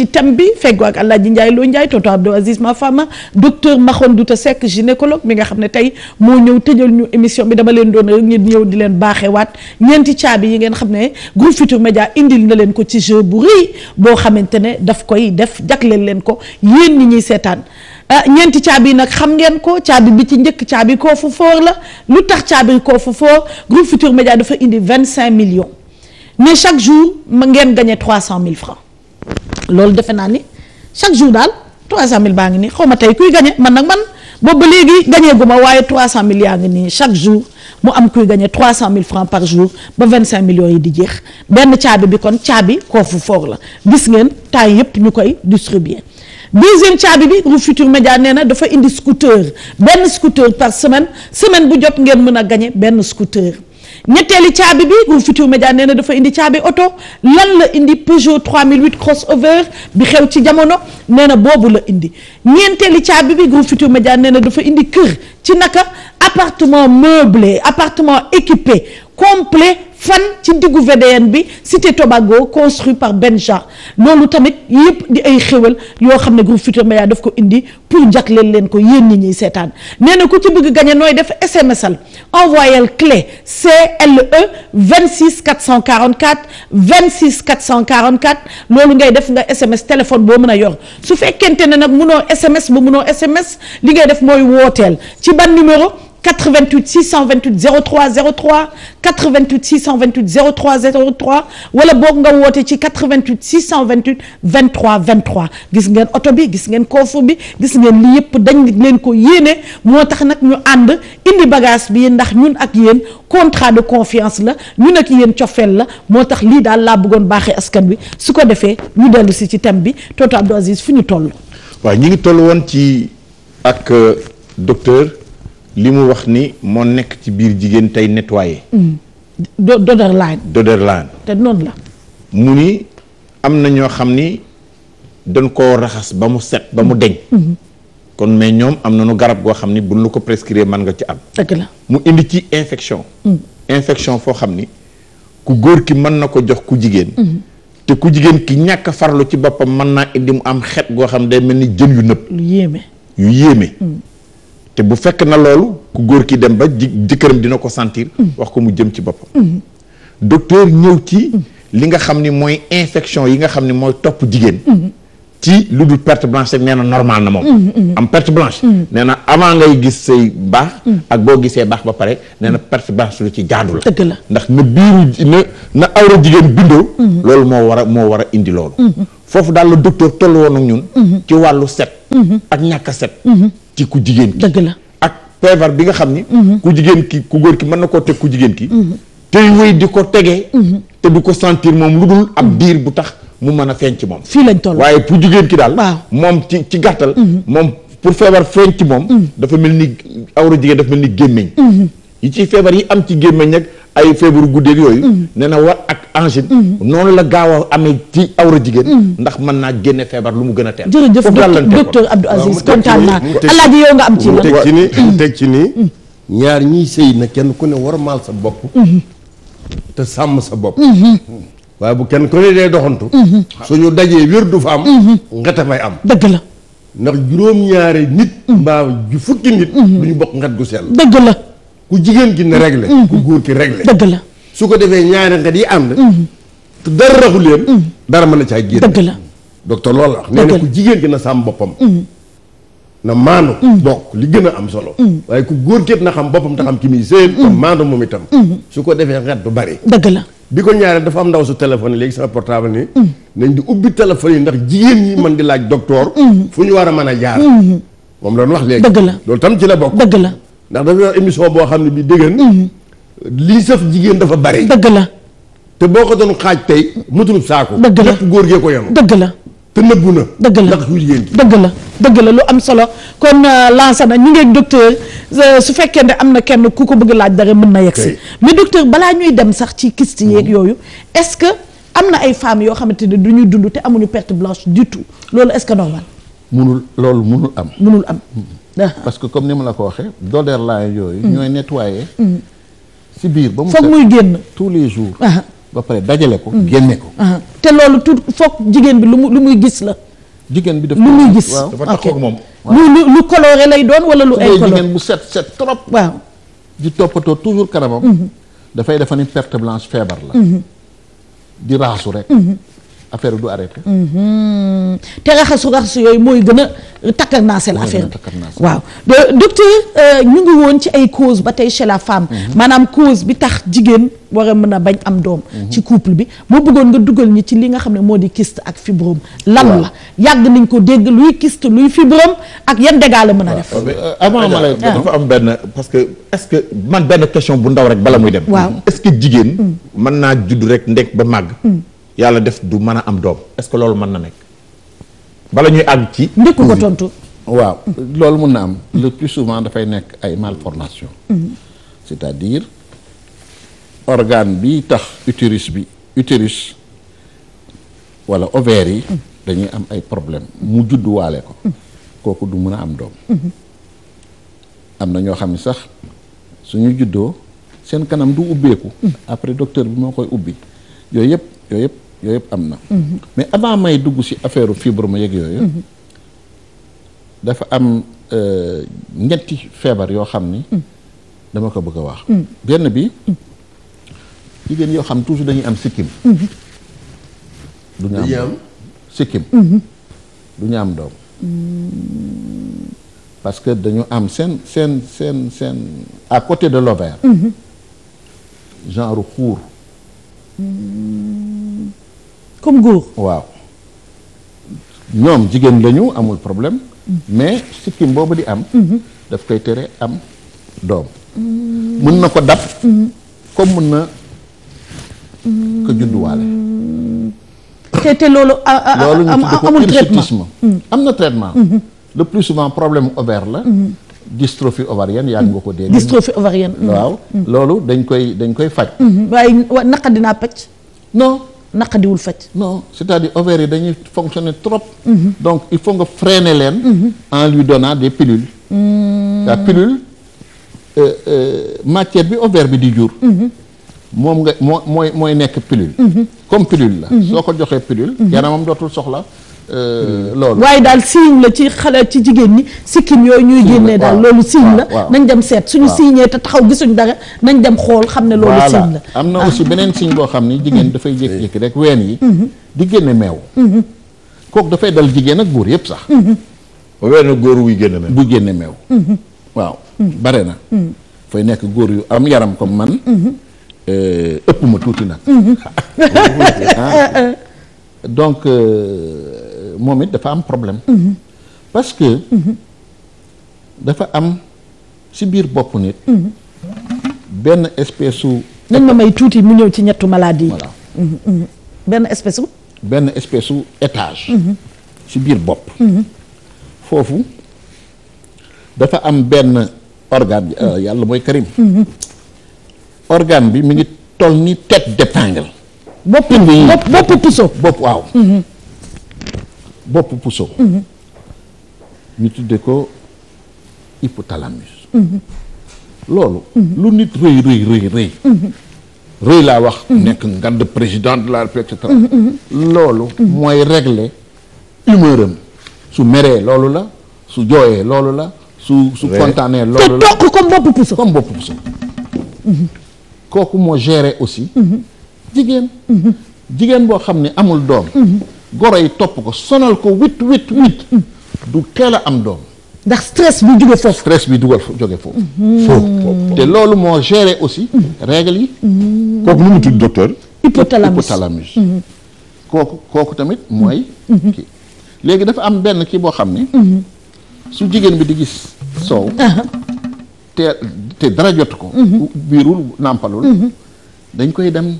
ci thème bi feggoo ak El Hadj Ndiaye Lo Ndiaye Toto Abdou Aziz Mafama docteur Makhon Douta Seck gynécologue mi nga xam ne tey moo ñëw tëjal ñu émission bi dama leen doon rek ngeen ñëw di leen baaxewaat ñeenti caabi yi ngeen xam ne Groupe Futurs Médias indil na leen ko ci jeu bu réy boo xamante ne daf koy def jagleel leen leen ko yéen ñi ñuy seetaan. ah ñeenti caabi nag xam ngeen ko caabi bi ci njëkk caabi koofu foor la lu tax caabi koofu foor Groupe Futurs dafa indi vingt cinq millions mais chaque jour ngeen gagné trois cent mille francs. loolu defe naa ni chaque jour daal 300000 baa ngi nii xaw ma tey kuy gagné man nag man boobu ba léegi gagné gu ma waaye 300000 yaa ngi nii chaque jour mu am kuy gagné 300000 francs par jour ba 25 millions yi di jeex benn caabi bi kon caabi koofu foor la gis ngeen temps yëpp ñu koy distribuer. deuxième caabi bi Groupe Futurs Médias nee na dafa indi scooter benn scooter par semaine semaine bu jot ngeen mën a gagné benn scooter. ñetteeli caabi bi Groupe Futurs Médias nee na dafa indi caabi oto lan la indi Peugeot 3008 crossover bi xew ci jamono nee na boobu la indi ñeenteeli caabi bi Groupe Futurs Médias nee na dafa indi kër ci naka appartement meublé appartement équipé complet fan ci diggu VDN bi cité Tobago construit par benn Benja loolu tamit yëpp di ay xéwal yoo xam ne groupe Futurs Médias daf ko indi pour jagleel leen leen ko yéen nit ñi seetaan nee na ku ci bëgg gagné nooy def SMS-al envoyé clé CLE 26 444 26 444 loolu ngay def nga SMS téléphone boo mën a yor su fekkente ne nag munoo SMS ba munoo SMS li ngay def mooy wooteel ci ban numéro. 88 628 03 03 88 628 03 03 wala boo nga woote ci 88 628 23 23 gis ngeen oto bi gis ngeen coffre bi gis ngeen li yëpp dañ leen ko yéene moo tax nag ñu ànd indi bagage bi ndax ñun ak yéen contrat de confiance la ñun ak yéen cofeel la moo tax lii daal laa bëggoon baaxee askan bi su ko defee ñu dellu si ci thème bi Toto Abdou Aziz fu ñu toll. waaw ñu ngi toll woon ci ak euh, docteur. li mu wax ni moo nekk ci biir jigéen tey nettoyé. Hmm. do doderlaan. doderlaan. te noon la. mu ni am na ñoo xam ni dan koo raxas ba mu set ba mu deñ. Hmm. Hmm. kon mais ñoom am na nañu garab goo xam ni bu la ko prescrire mën nga ci am. dëgg la mu indi ci infection. infection foo xam ni ku góor ki mën na ko jox ku jigéen. te ku jigéen ki ñàkk farlu ci boppam mën naa indi mu am xet goo xam day mel ni jën yu nëb. lu yéeme yu yéeme. te bu fekk na loolu ku góor ki dem ba ji jëkkëram dina ko sentir mm. wax ko mu jëm ci boppam mm. docteur ñëw ci mm. li nga xam ni mooy infection yi nga xam ni mooy topp jigéen ci lu dul perte blanche rek nee na normal na moom am perte blanche nee na avant ngay gis say baax ak boo gisee baax ba pare nee na perte blanche lu ci jaadu la dëgg ndax na biiru na na awra jigéen bindoo loolu moo war a moo war a indi loolu foofu daal la docteur tollu woon ak ñun ci wàllu set ak ñàkk set ci ku jigéen ki dëgg na ak feebar bi nga xam ni mm-hmm. ku jigéen ki ku góor ki mën na koo teg ku jigéen ki mm-hmm. te wéy di ko tegee mm-hmm. te du ko sentir moom lu dul ab diir bu tax mu mën a feeñ ci moom fii lañ toll waaye pour jigéen ki daal waaw moom ci ci gàttal moom pour feebar feeñ ci moom dafa mel ni awra jigéen dafa mel ni gémmiñ yi ci feebar yi am ci gémmiñ nag ay feebaru guddeeg yooyu. Mm-hmm. ne na war ak angine. Mm-hmm. noonu la gaaw a amee ci awra jigéen. Mm-hmm. ndax mën naa génne feebar lu mu gën a teel. jërëjëf docteur Abdou Aziz kontaan naa alaaji yow nga am ci la. teg ci ni ñaar ñiy sëy na kenn ku ne war maal sa bopp. sàmm sa bopp. bu kenn ku ne dee doxantu. suñu dajee wér du fa am. nga tafay am dëgg la. ndax juróom-ñaari nit. mbaa ju fukki nit. du ñu bokk ngat gu sell. dëgg la. ku jigéen gi na réglé. Mm-hmm. ku góor ki réglé. dëgg la su ko defee ñaari xet yi ànd. Mm-hmm. te dara raxu leen. Mm-hmm. dara mën na caa génn. dëgg la docteur loolu la wax. na ku jigéen gi na sàmm boppam. na maandu. bokk li gën am solo. waaye ku góor képp na xam boppam te xam ki muy moom itam. su ko defee xet du bari. dëgg la bi ko ñaaree dafa am ndaw su téléphone léegi sama portable ni nañ di ubbi téléphone yi ndax jigéen ñi mën di laaj docteur. fu ñu war a mën a jaar. moom loolu doon wax léegi. dëgg la loolu tam ci la bokk. la. ndax dafa yor émission boo xam ne bi li mhm. lii saf jigéen dafa bari dëgg la te boo ko doon xaaj tey mutulub saako dëgg la góor gee ko yenu dëgg la te nëbbu na dëgg la ndax yu jigéen dëgg la dëgg lu am solo kon euh, lancé na ñu ngeeg docteur euh, su fekkee ne am na kenn ku ko bëgg laaj dara mën na yegg si mais docteur balaa ñuy dem sax ci kyste yeeg mhm. yooyu est-ce que am na ay femmes yoo xamante ne du ñuy dund te amuñu perte blanche du tout loolu est-ce que normal munul loolu munul am munul am mhm. parce que comme ni ma la ko waxee dodeer laa yooyu mm. ñooy nettoyer mm. si biir ba mu foog muy génn tous les jours ah. ba pare dajale ko mm. génne ko ah. te loolu tout foog jigéen bi lu mu lu muy gis la jigéen bi daf lu muy gis dafa taxaw moom lu lu coloré lay doon wala lu ay bu set set trop waaw di toppatoo toujours kanamam mm-hmm. dafay defa ni perte blanche feebar la mm-hmm. di raasu rek mm-hmm. affaire du arrêté te raxasu raxasu yooyu mooy gën a takkal naa seen affaire bi waaw docteur euh, ñu ngi woon ci ay cause ba tey chez la femme mhm. maanaam cause bi tax jigéen war a mën a bañ am doom mhm. ci couple bi moo bëggoon nga dugal ñi ci li nga xam ne moo di kist ak fibrome lan la yàgg nañ ko dégg luy kyste luy fibrome ak yan dégâts la mën a def ah, euh, avant ma lay ah. dafa am benn parce que est-ce que man benn question bu ndaw rek bala muy dem waaw est-ce que jigéen mm. mën naa judd rek ndek ba màgg mm. yàlla def du mën a am doom est-ce loolu mën na nekk bala ñuy àgg ci. ndëkk ko tontu. waaw mm. loolu mën na am. le plus souvent dafay nekk ay malformation mm-hmm. c'est-à-dire organe bi tax utérus bi utérus wala over yi. Mm. dañuy am ay problème mu judd waale ko. Mm. kooku du mun a am doom. Mm-hmm. am na ñoo xam ne sax suñu juddoo seen kanam du ubbeeku. après docteur bi moo koy ubbi yooyu yëpp yooyu yëpp. yooyu yëpp am na. mais avant may dugg ci affaire fibre ma yëg yooyu. Mhm. dafa am euh, ñetti feebar yoo xam ni. Mhm. dama ko bëgg a wax. Mhm. benn bi jigéen yoo xam toujours dañuy am sikkim. du ñu am sikkim. doom. parce que dañu am seen seen seen seen à côté de l'ovaire. genre xuur. comme goro waaw ñoom jigéen lañu amul problème mais sikkim boobu di am mhm. daf koy tere am doom mën na ko dab mhm. comme mën na mhm. ko judduwaale te te loolu loolu ñu tuddee ko am na traitement le plus souvent problème ovaire la dystrophie ovarienne yaa nga ko dee dystrophie ovarienne waaw loolu dañ koy dañ koy faj waaye naqadinaa pecc non naqadiwul faj. non c'est-à-dire ovaires yi dañuy fonctionner trop. Mhm. donc il faut nga freiner leen. Mhm. en lui donna des pilules. Hmm. la pilule euh, euh, matière bi ovaire bi di jur. Mhm. moom nga moo mooy mooy nekk pilule. Mhm. comme pilule la. Mhm. soo ko joxee pilule. Mhm. yaramam dootul soxla. Euh, loolu waaye daal siiñ la ci xale ci jigéen ñi sikkim yooyu ñuy génnee daal loolu siiñ la nañ dem seet suñu siiñee te taxaw gisuñ dara nañ dem xool xam ne loolu siiñ la am na aussi ah. beneen siiñ boo xam ni jigéen dafay jékki-jékki rek ween yi di génne meew kooku dafay dal jigéen ak góor yëpp sax weenu góor wuy génne meew bu génne meew waaw bare na fay nekk góor yu am yaram comme man Eh, ëpp ma tuuti nag. Mhm. Ah. donc euh, moom it dafa am problème. Mhm. parce que. Mhm. dafa am si biir bopp nit. benn espèce su. nañ ma may tuuti mu ñëw ci ñettu maladie yi. voilà benn espèce su. benn espèce étage. si biir bopp. foofu dafa am benn organe euh, yàlla mooy Karim. organe bi mi ngi toll ni tête d'épingle. bopp boppu puso bopp waaw. Mhm. bopp puso. Mhm. ñu tudde ko hypothalamus. Mhm. loolu. lu nit rëy rëy rëy laa wax. nekk ngand président de la République et loolu. mooy régler humeur su meree loolu la su jooyee loolu la. su su kontaanee loolu la te toog comme bopp puso. kooku moo géré aussi jigéen jigéen boo xam ne amul doom goro yi topp ko sonal ko huit huit huit du teel a am doom ndax stress bi jóge foofu stress bi dugal jóge foofu foofu mm-hmm. te loolu moo géré aussi règles yi mm-hmm. kooku nu mu tudd docteur hypothalamus hypothalamus mm-hmm. kooku kooku tamit mooy léegi dafa am benn kii boo xam ni su jigéen bi di gis soow uh-huh. te te dara jot ko mhm. biirul nàmpalul mhm. dañ koy dem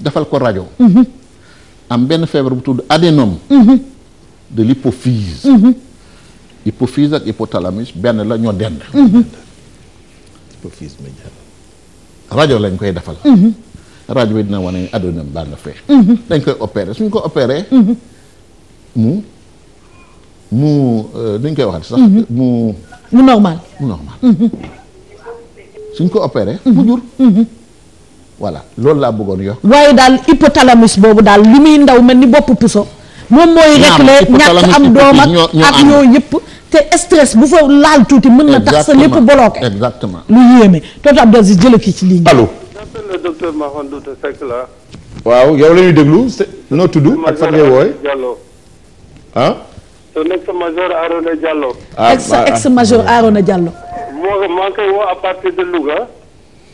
defal ko rajo mhm. am benn feebar bu tudd adénome de l'hypophyse hypophyse ak hypothalamus benn la ñoo dend rajo lañ koy defal rajo bi dina wane adénome baa fee dañ koy opéré suñ ko opéré mu mu euh, nuñ koy waxat sax mu mu mu normal suñ ko opéré. Mhm. mu jur. Mhm. voilà loolu laa bëggoon yo waaye daal hypothalamus boobu daal li muy ndaw mel ni bopp puso. moom mooy régler ñàkk am doom ak ak ñoo yëpp. te stress bu fa laal tuuti mën na tax sa lépp bloqué exactement lu yéeme tonton Abdou Aziz jële kii ci ligne bi allo. docteur waaw yow la déglu noo tudd ak fan ngay wooy son ex major Arona Diallo. ah ex ex major Arona Diallo. moo maa koy woo à de Louga.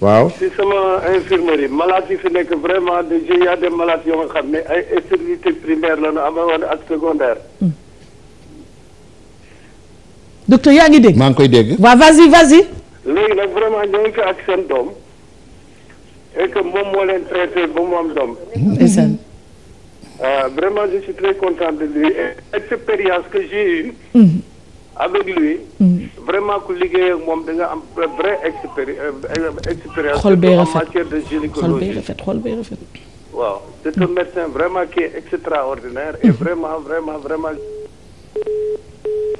waaw si sama infirmerie malades yi fi nekk vraiment de y a des yoo nga xam ne ay extrémité primaire la ñu ak secondaire. Hmm. docteur yaa ngi dégg. maa ngi koy dégg. waaw vas-y vas-y. léegi nag vraiment ñoo ngi ko ak seen doom et que moom moo leen traité ba mu am doom. Euh, vraiment, je suis très content de lui. L'expérience que j'ai eue mm -hmm. avec lui, mm -hmm. vraiment, que j'ai une vraie euh, expérience en matière de gynécologie. Wow. C'est un mm. médecin vraiment qui est extraordinaire et mm-hmm. vraiment, vraiment, vraiment.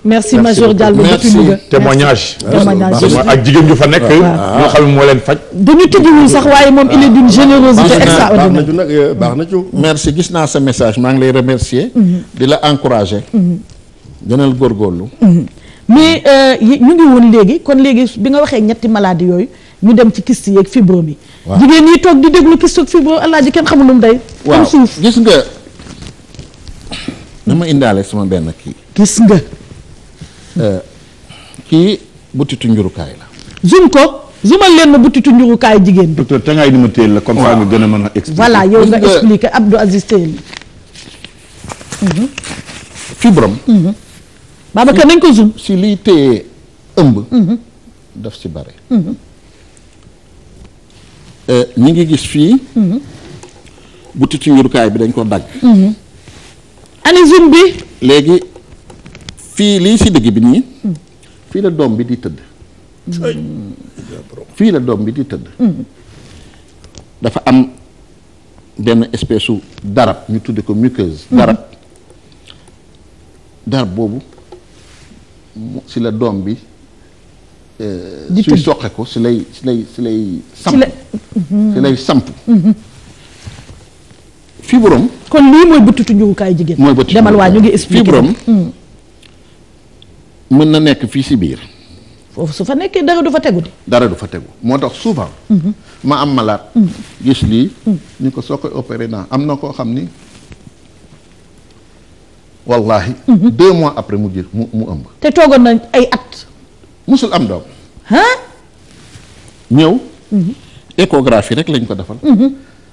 merci Major Diallo merci témoignage témoignage ak jigéen ju fa nekk ñoo xam ne moo leen faj dañu tëjuwul sax waaye moom il est d'une ah. générosité extraordinaire baax na nag euh, baax na ju mm-hmm. merci gis naa sa message maa ngi lay remercier mm-hmm. di la encourager mm-hmm. gënal góorgóorlu mais euh, ñu ngi woon léegi kon léegi bi nga waxee ñetti maladie yooyu ñu dem ci kyste yeeg fibro mi jigéen ñi toog di déglu kyste ak fibro alaaji kenn xamul lu mu day am suuf gis nga dama indaale sama benn kii gis nga Euh, kii butitu njurukaay la. zoom ko zoomal leen ma butitu njurukaay jigéen bi. docteur tàngaay ni ma téel la comme ça nga gën a mën a expliquer. voilà yow nga expliquer Abdou Aziz téel. Mhm. fibrom. Mhm. Babacar nañ ko zoom. si liy téye ëmb. Mhm. daf si bare. Euh, ñu ngi gis fii. butitu njurukaay bi dañ ko dagg. ani zoom bi. léegi. fii lii si digg bi nii. Mm. fii la doom bi di tëdd. fii la doom bi di tëdd. Mm. dafa am benn espèce su darab ñu tudde ko muqueuse. Mm. darab darab boobu si la doom bi. Euh, di suy soqe ko si lay si lay si lay. samp si mm-hmm. lay samp. Mm-hmm. fibrom kon lii mooy bëtutu njugukaay jigéen. demal waa ñu ngi expliqué fibrom. mën na nekk fii si biir. foofu su fa nekkee dara du fa tegu. dara du fa tegu moo tax souvent. Mhm. ma am malaat mhm. gis lii. Mhm. ni ko soo koy opeere naa am na koo xam ni. wallahi deux mois après mu jël mu mu ëmb. te toogoon na ay at. musul am doom. ah. ñëw. échographie rek lañ ko defal.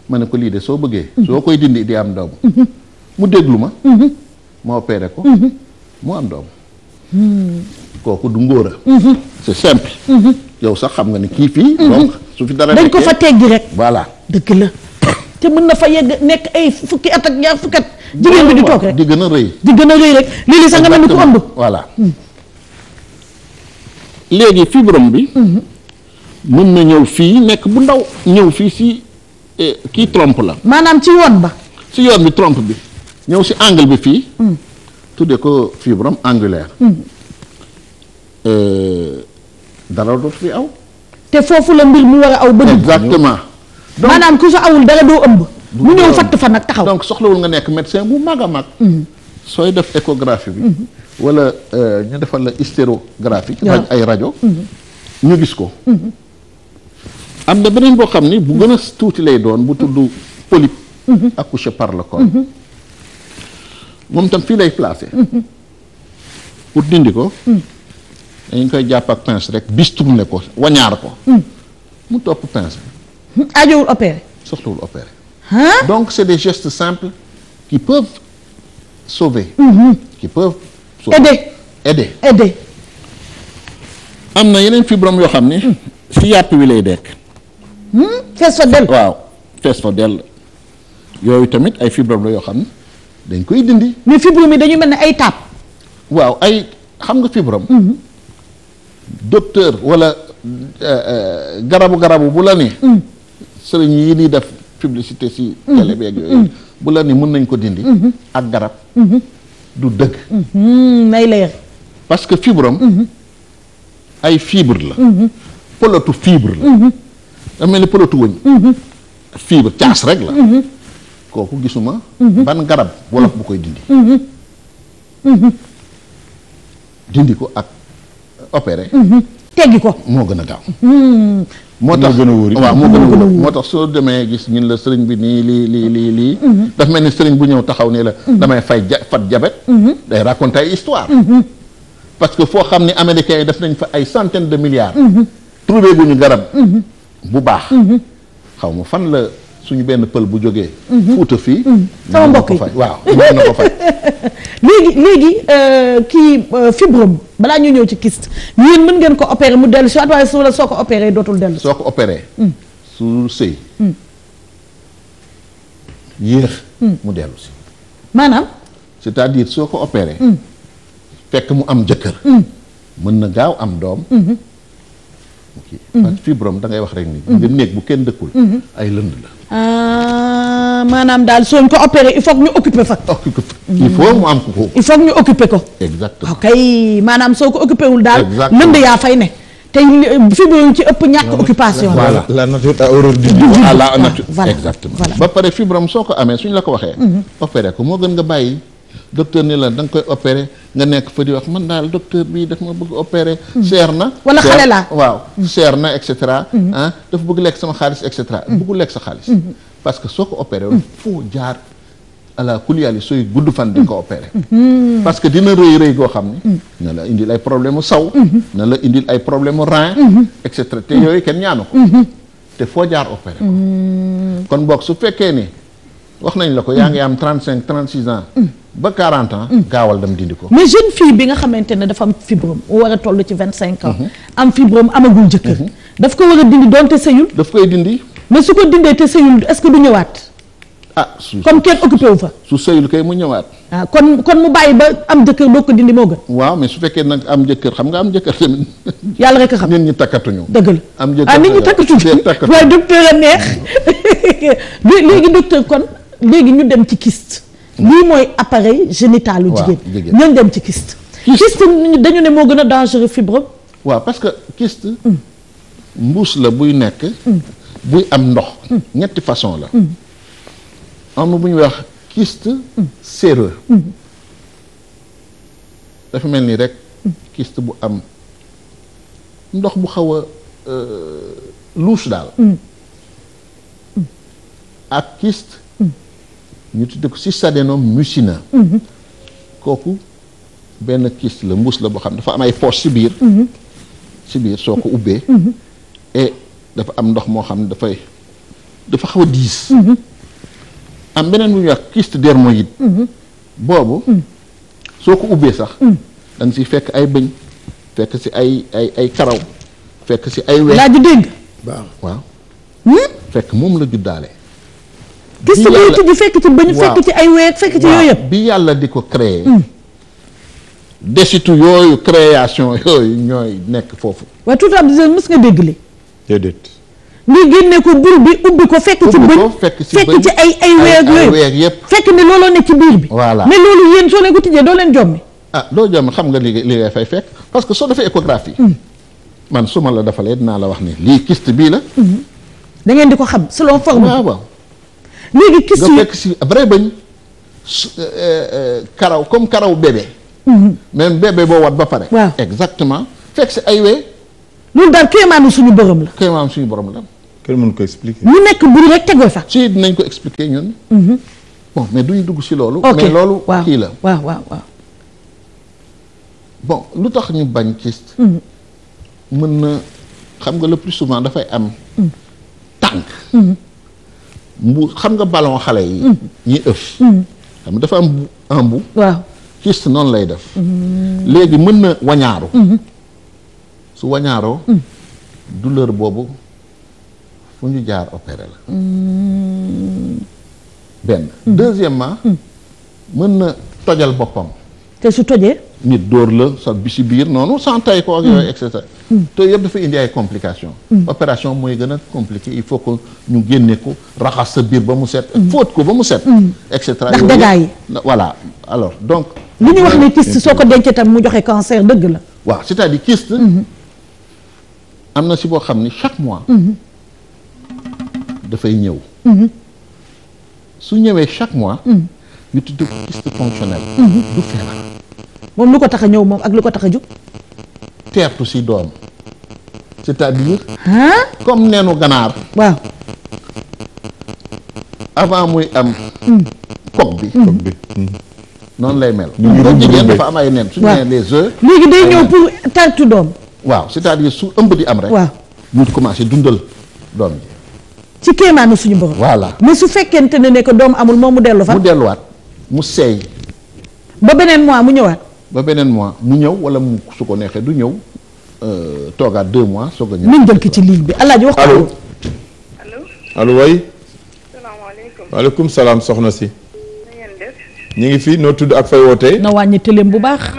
ma ne ko lii de soo bëggee. soo koy dindi di am doom. mu déglu ma. ma opéré ko. mu am doom. kooku du ngóor a mhm. c'est simple mhm. yow sax xam nga ne kii fii donc mhm. su dañ ko fa teggi rek voilà dëgg la te mën na fa yegg nekk ay fukki at ak ñaar fukki at jigéen bi di toog rek di gën a rëy di gën a rëy rek léegi sax nga mel ni ko voilà hmm. léegi fibrome bi hmm. mën na ñëw fii nekk bu ndaw ñëw fii si eh, kii trompe la maanaam ci yoon ba si yoon bi trompe bi ñëw si angle bi fii hmm. tuddee ko fibrome angulaire hmm. euh, dara dootu fi aw te foofu la mbir mi war a aw ba exactement donc maanaam ku nag taxaw donc nga nekk médecin bu mag a mag hmm. sooy def échographie bi hmm. wala euh, ñu defal la hystérographie ay rajo ñu gis ko am na beneen boo xam ni bu gën tuuti lay doon bu tudd polype accouché par le corps moom tam fii lay placé. pour dindi ko. koy jàpp ak rek bis ko wañaar ko. topp pince bi. aajowul opéré. soxlawul donc c'est des gestes simples qui mhm. am na yeneen fibrome yoo xam ni. Hmm. si yàpp wi lay dekk. Hmm? fees fa dell yooyu tamit ay fibrome la yoo xam ne dañ koy dindi. mais fibrome yi dañu mel ne ay taab. waaw ay xam nga fibrome. Mhm. docteur walla euh, euh, garabu garabu bu la ni. Mhm. sëriñ yi ni def publicité si. Mhm. télé beeg yooyu. bu la ni mën nañ ko dindi. ak garab. du dëgg. nay leer. parce que fibrome. ay fibre la. polotu fibre la. da mel ni polotu wëñ. fibre caas rek la. kooku gisuma. Mhm. ban garab wolof bu koy dindi. Mhm. Mhm. dindi ko ak opéré. teggi ko moo gën a gaaw. moo tax moo gën a moo tax soo demee gis ñun la sëriñ bi nii lii lii lii lii. daf mel ni sëriñ bu ñëw taxaw nii la. damay fay ja fat jabet. day raconter histoire. parce que foo xam ni américains yi def nañ fa ay centaines de milliards. trouvé guñu garab. bu baax. xaw ma fan la. suñu benn pël bu jógee. Mhm. fuuta fii. Mhm. sama mbokk yi waaw mën na ko fay. léegi léegi euh, kii euh, fibrome balaa ñu ñëw ci kyste yéen mën ngeen ko opérer mu dellu si waat waaye su la soo ko opéré dootul dellu. soo ko opéré. Mm. su sëy. Mm. yéex. Mm. mu dellu si. maanaam. c'est-à-dire soo ko opéré. fekk mu am jëkkër. mën na gaaw am doom. Mm-hmm. kii parce da ngay wax rek ni nga mhm. néeg bu kenn dëkkul mhm. ay lënd la ah, maanaam daal sooñ ko opéré il faut ñu occuper fa occuper fa il faut mu ko ko il faut que ñu occuper ko exactement maanaam soo ko occupé wul daal lënd yaa fay ne te fibrome ci ëpp ñàkk occupation voilà la nature a horreur du la nature exactement ba pare fibrome soo ko amee suñ la ko waxee mhm. opéré ko moo gën nga bàyyi docteur ni la da nga koy opérer nga nekk fa di wax man daal docteur bii daf ma bëgg opérer mm-hmm. seer na wala xale la waaw mm-hmm. seer na et cetera mm-hmm. ah dafa bëgg lekk sama xaalis et cetera bëggu lekk sa xaalis parce que soo ko opéré woon foo jaar ala kuliyaal yi sooy gudd fan di ko opéré parce que dina rëy rëy koo xam ne na la indil ay problème mu saw na la indil ay problème mu rein et cetera te yooyu kenn ñaanu ko te foo jaar opéré ko kon boog su fekkee ni wax nañ la ko yaa ngi am trente cinq trente six ans ba 40 ans. Mm. dem dindi ko. mais jeune fille bi nga xamante ne dafa am fibrome war a toll ci 25 ans. Mm-hmm. am fibrome amagul jëkkër. Mm-hmm. daf ko war a dindi doonte sëyul. daf koy dindi. mais su ko dindee te sëyul est-ce que du ñëwaat. ah su comme kenn occupé wu fa. su sëyul kay mu ñëwaat. ah kon kon mu bàyyi ba am jëkkër doo ko dindi moo gën. waaw mais su fekkee nag am jëkkër xam nga am jëkkër tamit. yàlla rek a xam nit ñi takkatuñu. dëgg la am jëkkër ah nit ñi takkatuñu waaye docteur a neex mm. léegi kon léegi ñu dem ci kyste lii mooy appareil génital lu jigéen ñooñu dem ci kyste kyste dañu ne moo gën a dangereux fibrome waa parce que kyste mm. mbuus la buy nekk mm. buy am ndox mm. ñetti façon la am bu ñuy wax kyste séreux mel ni rek kyste bu am ndox bu xaw a euh, luus daal ak kyste ñu tudde ko cystadénome mucineux mhm. kooku benn kist la mbuus la boo xam ne dafa am ay poche ci biir mhm. biir soo ko ubbee mhm. et dafa am ndox moo xam ne dafay dafa xaw a diis am beneen bu ñuy wax kyste dermoïde boobu soo ko ubbee sax da nga si fekk ay bëñ fekk si ay ay karaw fekk si ay weex hmm? fekk moom la juddaale gis nga lay tudd fekk ci bëñ fekk ci ay weeg fekk ci yooyu di ko créer hmm. desitu yooyu création yooyu ñooy nekk foofu waaye tout à fait mës nga dégg li déedéet génne ko bur bi ubbi ko fekk ci bëñ fekk ci ay ay weeg yooyu yëpp fekk ne looloo nekk ci biir bi voilà mais loolu yéen soo leen ko tijjee doo leen jommi ah doo jommi xam nga li li ngay fay fekk parce que soo defee échographie hmm. man su ma la dafalee dinaa la wax ne lii kyste bii la hmm. da ngeen di ko xam selon forme ah, léegi kis nga fekk si vrai bañ euh, euh, karaw comme karaw bébé mhm. même bébé boo wat ba pare waaw exactement fekk si ay we wee loolu daal kéemaanu suñu borom la kéemaanu suñu borom la kenn mën ko expliquer ñu nekk buri rek sax si dinañ ko expliquer ñun mhm. bon mais duñu dugg si loolu mais loolu kii la waaw waaw waaw bon lu tax ñu bañ kist mhm. mën na xam nga le plus souvent dafay am tànk mbu xam nga ballon xale yi. Mm. ñi ëf. Mm. xam dafa am embu. waaw kyste noonu lay def. Mm. léegi mën na wañaaru. Mm-hmm. su wañaaroo. douleur boobu fu ñu jaar opéré la. benn. deuxièmement mën na tojal boppam. te su tojee. nit dóor la sa bi si biir noonu sans tay ko ak et cetera mm. te yëpp dafa indi complication complications mm. opération mooy gën a compliqué il faut que ñu génne ko raxas sa biir ba mu set mm. fóot ko ba mu set et cetera ndax dégâts yi voilà alors donc li ñu wax ne kyste soo ko dencee tam mu joxe cancer dëgg la waaw c'est-à-dire kyste mm-hmm. am na si boo xam ni chaque mois mm-hmm. dafay ñëw mm-hmm. su ñëwee chaque mois ñu tudd kyste fonctionnel du feebar moom lu ko tax a ñëw moom ak lu ko taxa a jub teertu si doom c'est-à-dire comme neenu ganaar waaw avant muy am hmm. coq bi hmm. coq bi hmm. noonu lay mel doo jigéen dafa am ay nen suñu nee les œufs léegi day ñëw pour teertu doom waaw c'est-à-dire su ëmb di am rek waaw ñu commencé dundal doom ji ci kéemaanu suñu borom voilà mais su fekkente ne nekk ko doom amul moom mu dellu fa mu delluwaat mu seey ba beneen mois mu ñëwaat ba beneen mois mu ñëw wala mu su ko neexee du ñëw euh, toogaat deux mois soog a ñëw. nañ jël ko ci ligne bi El Hadj wax ko. allo allo way salaamaaleykum waaleykum salaam soxna si. ñu ngi fi noo tudd ak fay wootee. na wàññi téléem bu baax.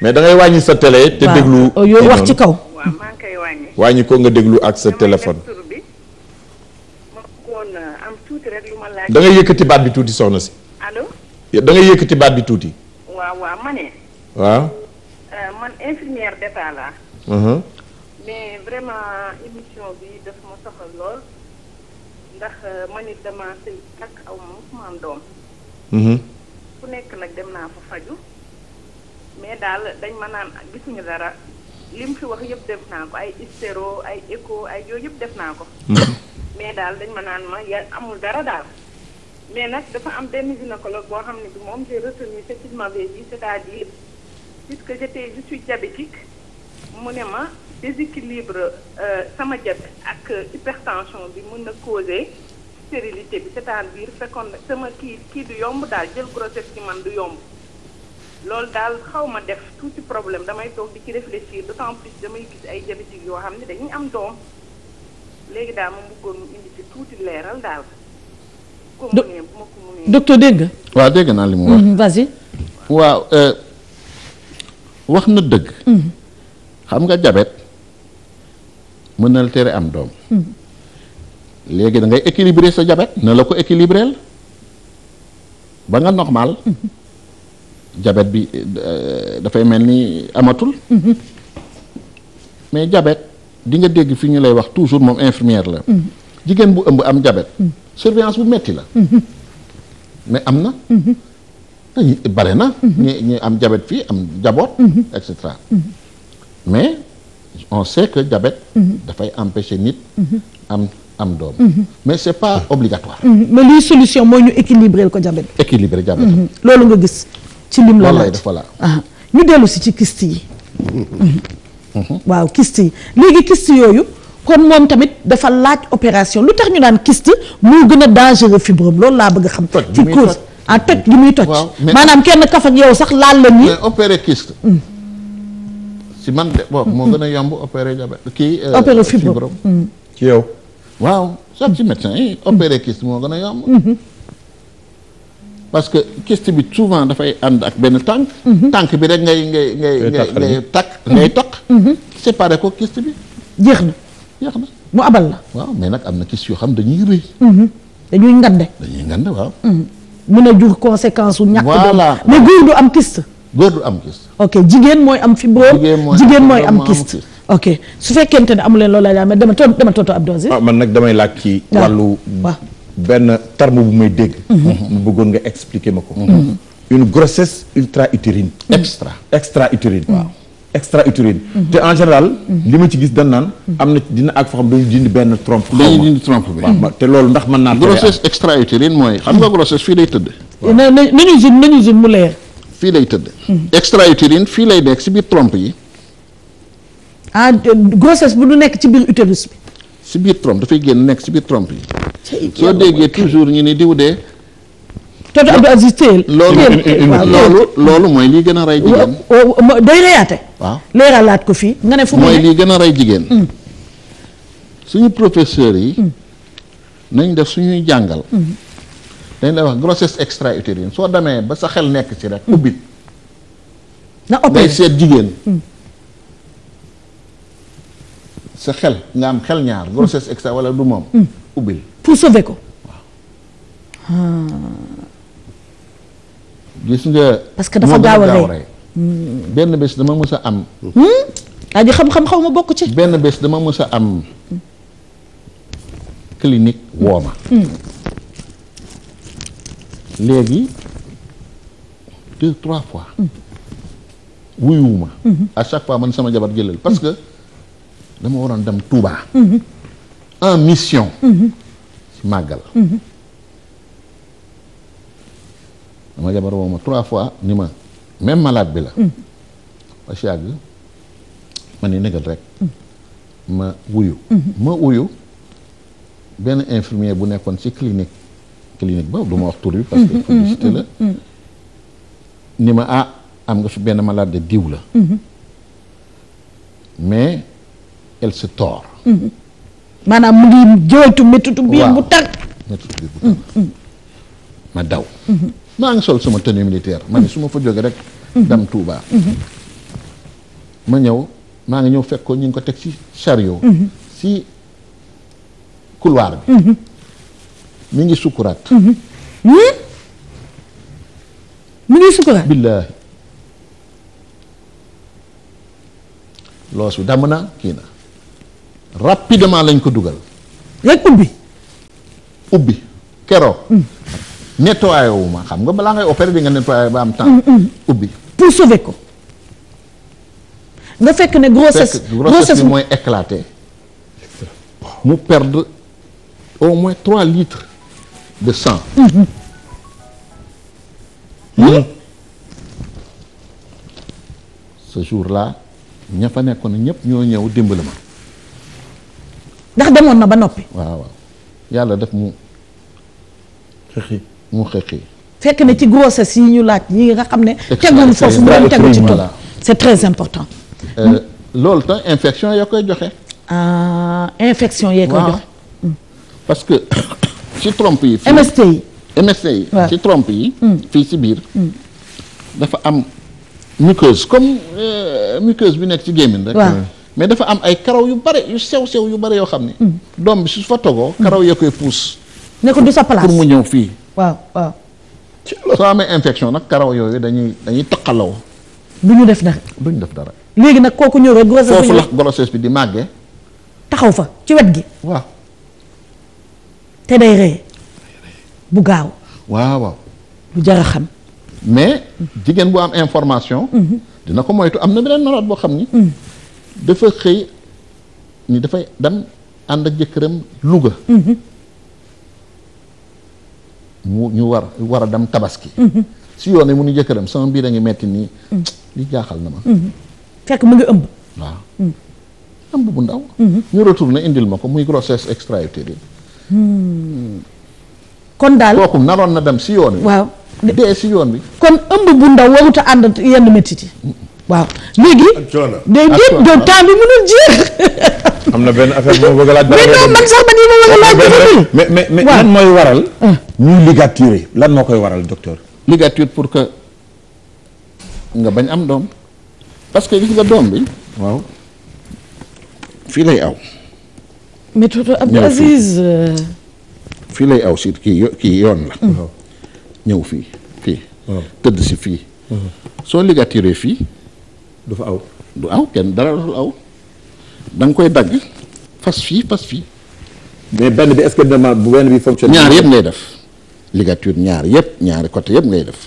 mais da ngay wàññi sa télé. te déglu oh, yow ci kaw. wàññi ko nga déglu ak sa téléphone. Euh, dangay yëkkati baat bi tuuti soxna si. da ngay yëkkati baat bi tuuti. waaw waaw ma ne. waaw. Euh, man infirmière d'état laa. Uh-huh. mais vraiment émission bi daf ma soxal lool ndax euh, man it dama sëy ak aw ma mosuma am doom. fu uh-huh. nekk nag dem naa fa faju mais daal dañ ma naan gisuñu dara li fi wax yëpp def naa ko ay hystéro ay écho ay yooyu yëpp def naa ko. Uh-huh. mais daal dañ ma naan ma amul dara daal. mais nag dafa am benn gynécologue boo xam ne bi moom j'ai retenu ce qu'il m'avait dit c'est-à-dire puisque j'étais je suis diabétique mu ne ma déséquilibre euh, sama diabète ak hypertension bi mën na causer stérilité bi cest biir dire féconde sama kii kii du yomb daal jël grossesse ci man du yomb loolu daal xaw ma def tuuti problème damay toog di ci réfléchir d'autant plus damay gis ay diabétiques yoo xam ne dañuy am doom léegi daal ma bëggoon mu indi ci tuuti leeral daal docteur dégg waa dégg naa li mu wax. Mhm, euh, wax na dëgg. Mhm. xam nga jabet mën na la tere am doom. Mhm. léegi da ngay sa jabet ne la ko équilibreel ba nga normal. jabet bi euh, dafay mel ni amatul. mais jabet di dégg fi ñu lay wax toujours moom infirmière la. jigéen bu ëmb am jabet. surveillance bu metti la mhm. mais am na mhm. bare na mhm. ñi ñi am jabet fii am jaboot et cetera mais on sait que jabet dafay empêcher nit am am doom mais c'est pas obligatoire mais luy solution mooy ñu équilibrer ko jabet équilibrer jabet loolu nga gis ci lim la laaj voilà ah, ñu dellu si ci kist yi waaw kist yi léegi kist yooyu kon moom tamit dafa laaj opération lu tax ñu daan kist moo gën a dangereux fibrome loolu laa bëgg a xam. ci cause ah toj gi muy toj. maanaam kenn kaf ak yow sax laal la nii. mais hmm. si man de bon moo gën a yomb opéré diabète kii. Euh, opéré fibrome hmm. ci yow. waaw sax ci yi opéré moo gën hmm. parce que kyste bi souvent dafay ànd ak benn tànk. tànk bi rek ngay ngay ngay ngay ngay takk ngay takk séparé ko kist bi jeex na. jeex na mu abal la. waaw mais nag am na kis yoo xam dañuy rëy. Mhm. dañuy ngande. dañuy ngande waaw. Mhm. mën a jur conséquence wu ñàkk. voilà mais góor du am kyste. góor am kyste. ok jigéen mooy am fibrome. jigéen mooy am kyste ok su fekkente ne amu leen loolu laa mais dama to dama toto ab man nag damay laaj ci. wàllu benn terme bu may dégg. Mhm. mu bëggoon nga expliquer ma ko. une grossesse ultra utérine. extra extra utérine extra-utérine. te en général. li ma ci gis dañ naan. am na dina ak foo xam dañuy dindi benn trompe. ma bi. te loolu ndax mën naa. grossesse extra-utérine mooy. xam nga grossesse fii lay tëdd. waaw na na nañu gis nañu gis mu leer. fii lay tëdd. extra-utérine fii lay nekk si biir tromp yi. ah bu du nekk ci biir utérus bi. si biir trompe dafay génn nekk si biir tromp yi. soo déggee toujours ñu ni diw dee. tonton Abdou Aziz loolu loolu mooy lii gën a rey jigéen day reyaate waa leeralaat ko fii nga ne fu mooy lii gën a rey jigéen mm. suñu professeurs yi mm. nañ def suñuy jàngal mm. dañ lay wax grossesse extra utérine soo demee ba sa xel nekk ci rek ubbi na opéré ngay seet jigéen sa xel nga am xel ñaar grossesse extra wala du moom ubbil pour sauver ko gis nga. parce que dafa gaaw a rey benn bés dama mës a am. Hmm? aji xam-xam xaw ma bokk ci. benn bés dama mës a am clinique wooma hmm. léegi deux trois fois. Hmm. wuyuwuma. à chaque fois man sama jabar jëlal parce que dama waroon dem Touba. en mission. ci màggal. sama jabar woo ma trois fois ni ma même malade bi la si mm. yàgg ma ni nëgal rek mm. ma wuyu mm-hmm. ma wuyu benn infirmier bu nekkoon ci clinique clinique ba du ma wax tur bi parce que mm-hmm. publicité la mm-hmm. ni ma ah am nga fi benn malade de diw la mais elle maanaam mu ngi jooytu méttitu biir bu tar méttitu biir bu tar ma daw maa ngi sol suma tenue militaire ma ne su ma fa jógee rek dem Touba ma ñëw maa ngi ñëw fekk ko ñu ngi ko teg ci chariot si couloir bi mi ngi sukkuraat hmm? mi billaahi loosu damm na kii na rapidement lañ ko dugal rek ubbi ubbi keroog hmm. nettoyé wu ma xam nga balaa ngay opéré di nga nettoyé ba am temps. Mm, mm. ubbi pour sauver ko. nga fekk ne grossesse grossesse bi mooy éclaté mu perdre au moins trois litres de sang. Mm-hmm. ce jour-là ña fa na ñëpp ñoo ñëw dimbali ndax demoon na ba noppi. waaw waaw yàlla def mu mu fekk na ci grossesse yi ñu laaj yi nga xam ne. teguñu foofu mu doon tegu ci tool c'est très important. Euh, loolu tam infection ya koy joxe. Ah, infection yee koy joxe. Hmm. parce que ci trompe yi. MST yi. trompe yi. Hmm. fii ci biir. Hmm. dafa am muqueuse comme euh, muqueuse bi nekk ci gémmiñ rek. mais dafa am ay karaw yu bare yu sew sew yu bare yoo xam ne. doom bi su fa togoo. karaw ya koy pousse. ne du sa place pour mu ñëw fii. waaw waaw. ci la soo amee infection nag karaw yooyu dañuy dañuy taqaloo. du ñu def dara. du ñu def dara. léegi nag kooku ñëw rek. grossesse foofu bi di màggee. taxaw fa ci wet gi. waaw. te day rëy. bu gaaw. waaw waaw. lu jar xam. mais jigéen bu am information. Mm-hmm. dina ko moytu am na beneen malade boo xam ni. Mm. dafa xëy ni dafay dem ànd ak jëkkëram Louga. Mm-hmm. mu ñu war war a dem tabaski. si yoon yi mu ni jëkkëram sama biir a ngi metti nii. li jaaxal na ma. fekk mu ngi ëmb. waaw. Hmm. ëmb bu ndaw. Hmm. ñu retourné indil ma ko muy grossesse extra-utérine. Hmm. kon daal kooku naroon na dem si yoon wi. waaw dee si yoon wi. kon ëmb bu ndaw warut a ànd yenn métit yi. waaw léegi. coono day déet doo temps bi mënul jeex. am na benn affaire bu ma bëgg a laaj. mais non man sax man yi ma bëgg a laaj. mais mais mais lan mooy waral. ñuy ligaturer lan moo koy waral docteur. ligature pour que nga bañ am doom parce que gis nga doom bi. waaw fii lay aw. mais tonton Abdou Aziz. Euh, fii lay aw si kii yoon la. Mm. ñëw fii fii. tëdd si fii. Mm. soo ligaturé fii. du fa aw du aw kenn dara dootul aw da koy dagg fas fii fas fii. mais benn bi est-ce que dama bu benn bi fonctionne. ñaar yëpp ngay def. ligature ñaar yëpp ñaari côté yëpp ngay def.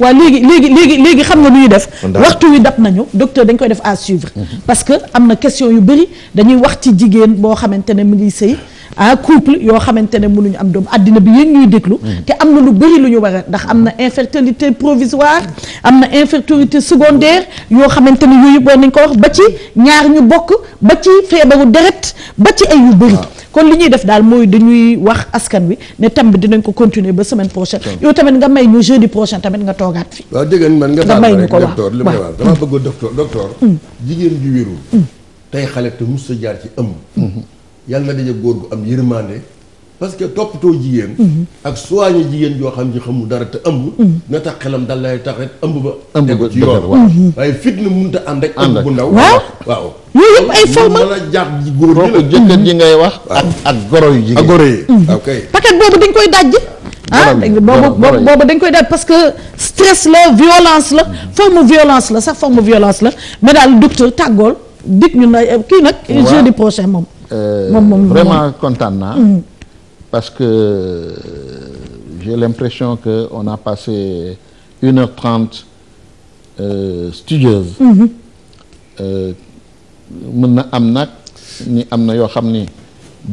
waaw léegi léegi léegi léegi xam nga nu ñuy def waxtu wi dab nañu docteur dañ koy def à suivre mhm. parce que am na question yu bëri dañuy wax ci jigéen boo xamante ne mu ngi sëy ah couple yoo xamante ne mënuñu am doom àddina bi yéen ñuy déglu te am na lu bëri lu ñu war a ndax am na infertilité provisoire am na infertilité secondaire yoo xamante ne yooyu war nañ ko wax ba ci ñaar ñu bokk ba ci feebaru deret ba ci ay yu bëri ah. kon li ñuy def daal mooy dañuy wax askan wi ne tam bi dinañ ko continuer ba semaine prochaine yow tamit nga may ñu jeudi prochain tamit nga toogaat fi waaw dégg man nga may ñu ko wax docteur li may wax dama bëgg docteur docteur mm. jigéen ju wérul mm. tey xale te mus sa jaar yal na daje góor bu am yërmande parce que toppatoo jigéen. Mhm. ak soigné jigéen joo xam ne xamul dara te ëmb. Mhm. na tax xelam daal lay tax rek ëmb ba. ëmb ba ci yoon waaye fitna mënut a ànd ak. ëmb bu ndaw waaw waaw. yooyu yëpp ay formes mën a ji góor gi la ngay wax. ak ak goro yu jigéen ak goro yi. Mhm. ok paquet boobu dañ koy daj. ah boobu boobu dañ koy daj parce que stress la violence la forme violence la sax forme violence la mais daal docteur tàggool dig ñu na kii nag. jeudi prochain moom. Euh, moom vraiment kontaan naa. Mm. parce que euh, j'ai l'impression que on a passé une heure trente euh, studieuse. Mm-hmm. mën na am nag ni am na yoo xam ni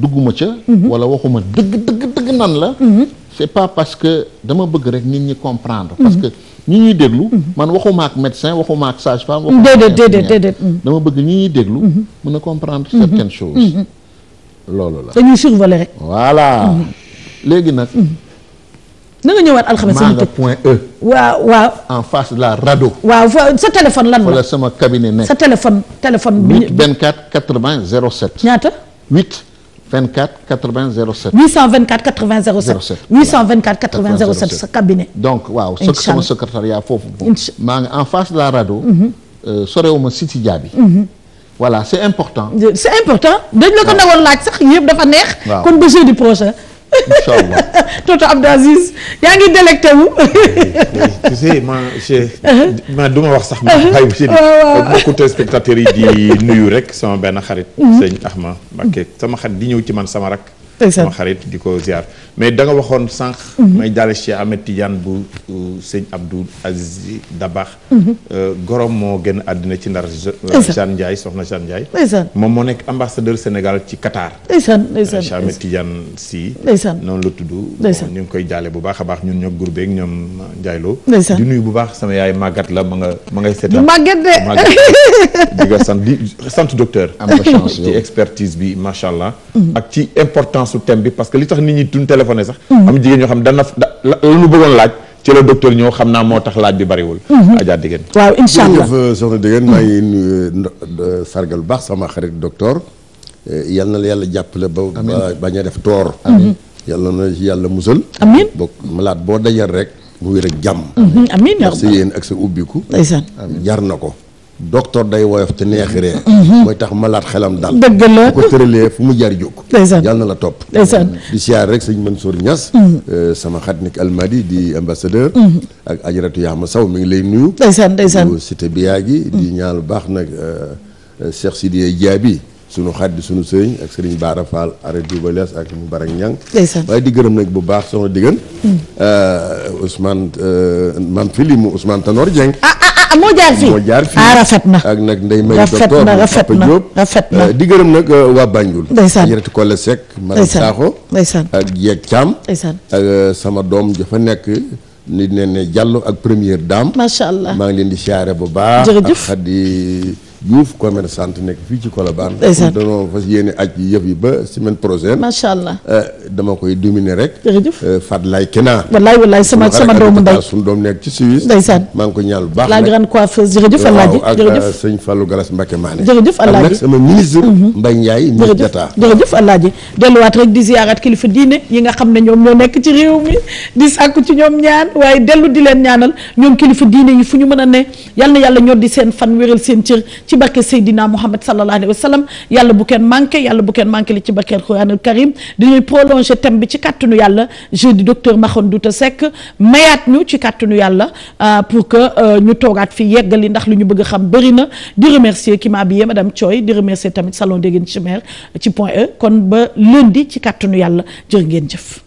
dugguma ca. Mm-hmm. wala waxuma dëgg dëgg dëgg nan la. Mm-hmm. c'est pas parce que dama bëgg rek nit ñi comprendre. parce que ñu ñuy déglu man waxuma ak médecin waxuma ak sage femme waxuma déedéet déedéet déedéet mm. dama bëgg ñu ñuy déglu mm-hmm. mën a comprendre mm-hmm. certaines choses mm-hmm. loolu la dañuy survoler rek voilà léegi nag na nga ñëwaat alxames maa nga point E. en face de la rado. waaw sa téléphone lan la. wala sama cabinet nekk. sa téléphone téléphone bi. 8 24 80 07. ñaata. 8. 24 80 07. 824 80 07. 824 foofu. maa en face de la rajo. Mhm. Euh, sorewuma Siti Diaby. Mhm. voilà c' est important. c' est important laaj sax yëpp dafa neex. kon ba jeudi prochain. Toto Abdou Aziz yaa ngi délecté tu sais ma je. ma du ma wax sax ma. waaw waaw beaucoup de yi di nuyu rek sama benn xarit. Mhm. sëñ ma Mbacké sama xarit di ñëw ci man sama rak. sama xarit di ko ziar mais danga waxoon sànq. Mhm. may jàll Cheikh Ahmed Tidiane bu sëñ Abdou Aziz Dabax. Mhm. Euh, gorom moo génn àddina ci ndar. Euh, Jeanne Ndiaye soxna Jeanne Ndiaye. moom moo nekk ambassadeur Sénégal ci Qatar. ndeysaan ndeysaan Cheikh si. ndeysaan noonu la tudd. ndeysaan ñu ngi koy jaale bu baax a baax ñun ñoo groupe ak ñoom Ndiaye Lo. di nuyu bu baax sama yaay màggat la ma nga ma ngay seetal. màggat de di nga sant di sant docteur. am na chance ci expertise bi macha allah. Mhm. ak ci important. importance su thème bi parce que li tax nit ñi duñ téléphoné sax. Mm. am jigéen ñoo xam dana da la ñu bëggoon laaj. ci la docteur ñoo xam naa moo tax laaj bi bariwul. Mm-hmm. Adja Degene. waaw incha allah jërëjëf euh, soxna Degene maa ngi nuyu euh, euh, sargal baax sama xarit docteur. yal na la yàlla jàppale ba. bañ a def toor. Mm-hmm. yàlla na yàlla musal. amiin malaat boo dajal rek. mu wér ak jàmm. Mm-hmm. amiin sa yéen ak sa ubbiku. jar na ko. docteur day woyof te neex mhm. mooy tax malaat xelam dal dëgg la bu ko tëralee fu mu jaar jóg ndeysaan yàlla na la topp ndeysaan di siyaar rek sëñ Mansour Niass mhm. euh, sama xat nik almadi di ambassadeur mhm. ak ajaratu Yaama Saw mi ngi lay nuyu ndeysaan ndeysaan cité biyaa gi di ñaan lu baax nag euh, euh, Cheikh Sidiye Diaby sunu xaddi sunu sëriñ ak sëriñ Baara Fall arrêt Duubalees ak Mbarak Ñang waaye di gërëm nag bu baax soxna diggan hmm. euh, Ousmane euh, maam fili mu Ousmane Tanor ah, ah, ah, moo jaar fii ah rafet na ak nag ndey may docteur rafet na rafet na euh, di gërëm nag waa Banjul ndeysaan yërëti Kole Seck Mara Sakho ndeysaan ak Yeeg Thiam sama doom dafa nekk li ne ne Diallo ak première daam macha allah maa ngi leen di siyaare bu baax ak di Diouf commerçante nekk fii ci Colobane. ndeysaan danoo fas yéene yi yëf yi ba semaine macha allah euh, dama koy dominer rek. jërëjëf euh, Fadlaye Kena. wallaay wallaay sama sama doomu ndey suñu doom nekk ci Suisse. ndeysaan maa ngi ko ñaan lu baax la grande coiffeuse jërëjëf Alaaji jërëjëf ak euh, sëñ Fallou Galas Mbacke Maane. jërëjëf Alaaji ak sama ministre. Mhm. Mbaye Ndiaye ministre d'État. jërëjëf Alaaji delluwaat rek di ziyaaraat kilifa diine yi nga xam ne ñoom ñoo nekk ci réew mi di sàkku ci ñoom ñaan waaye dellu di leen ñaanal ñoom kilifa diine yi fu ñu mën a ne yal yàlla ñoo di seen fan wéral seen cër ci barke Seydina Mouhamed sallallahu alayhi wa sallam yàlla bu kenn manqué yàlla bu kenn manqué li ci barke Alxuraanul Karim dañuy prolonger thème bi ci kàttanu yàlla jeudi docteur Makhone Douta Seck mayaat ñu ci kàttanu yàlla euh, pour que euh, ñu toogaat fi yeggali ndax lu ñu bëgg xam bëri na di remercier ki maa bi yee madame Thioy di remercier tamit salon Déguène Chimère euh, ci point E kon ba lundi ci kàttanu yàlla jërë ngeen jëf